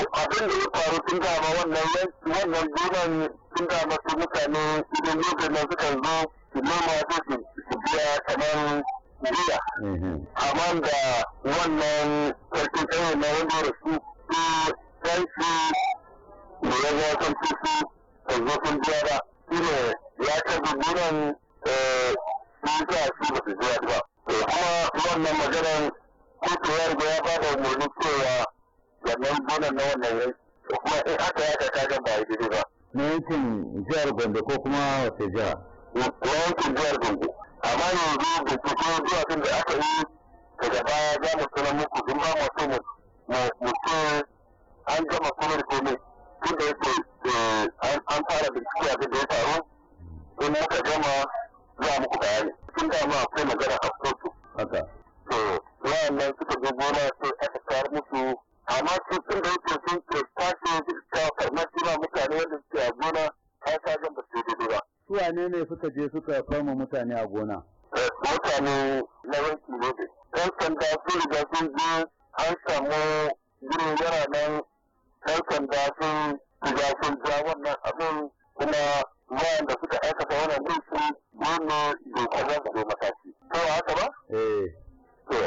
abin da ya faru sun dama wannan wannan gonan tun dama su mutane idan lokacin da suka zo su noma su su biya kamar biya. Mhm. Amma da wannan sarkin tsaye na wanda ya rasu su ɗan shi da ya zo kan tusu da zo sun biya ba. Shi ne ya ta gonan eh, sun sa su ba su biya ba. Kuma wannan maganar kotu ya riga ya ba da umarni cewa wannan na wannan yanki kuma in aka yaka ka ga ba daidai ba na yankin jihar gombe ko kuma wace jiha na yankin jihar gombe amma yanzu da kusa zuwa kan da aka yi daga baya za mu sanar muku in ba mu so mu ce an gama sanar komai tun da yake eh, an fara bincike a da ya faru in muka gama za muku bayani tun da ma akwai magana a kotu. Haka. To, wa'annan suka zo gona sai aka kar musu amma sun da yake sun ke tashi suka farmaki ba mutane wanda suke a gona ta sa jan ba su daidai ba. su wane ne suka je suka farma mutane a gona. Eh, mutane na yanki ne da ɗan sanda sun riga sun je an samu gurin yara nan ɗan sanda sun riga sun ja wannan abin kuma yawan da suka aikata wannan laifi gona dokar za su mataki. kawai haka ba? eh. to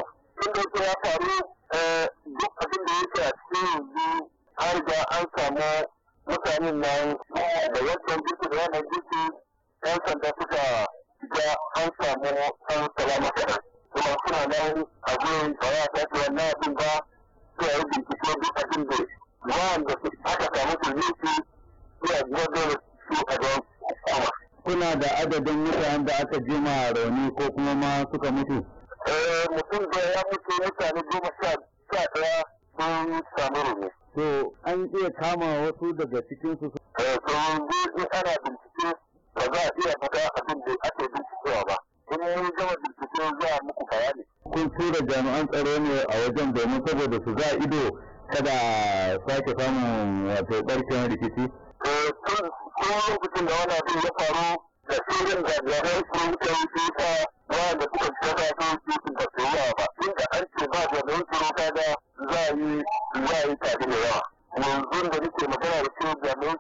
tun da ya faru yanzu har da an samu mutanen nan da yankin jiki da yanar jiki yan sanda suka ga an samu an salama kaɗan kuma suna nan abin da ya tafi wannan abin ba su yi bincike duk abin da su aka samu su yi su ya dole su a don kama. Kuna da adadin mutanen da aka jima rauni ko kuma ma suka mutu? Eh mutum da ya mutu mutane goma sha kama wasu daga cikinsu. Eh, Tsoron in ana bincike ba za a iya faɗa abin da ake bincikewa ba. In mun gama bincike za a muku bayani. Kun tura jami'an tsaro ne a wajen domin saboda su za ido kada sake samun wato ɓarkewar rikici. Eh, tun lokacin da wani abin ya faru da shirin da jami'an tsaro suka yi tuta wanda suka shiga da su su ba. Inda an ce ba jami'an tsaro kaga za a yi za a yi tare da yawa. yanzu da nake magana da ke jami'an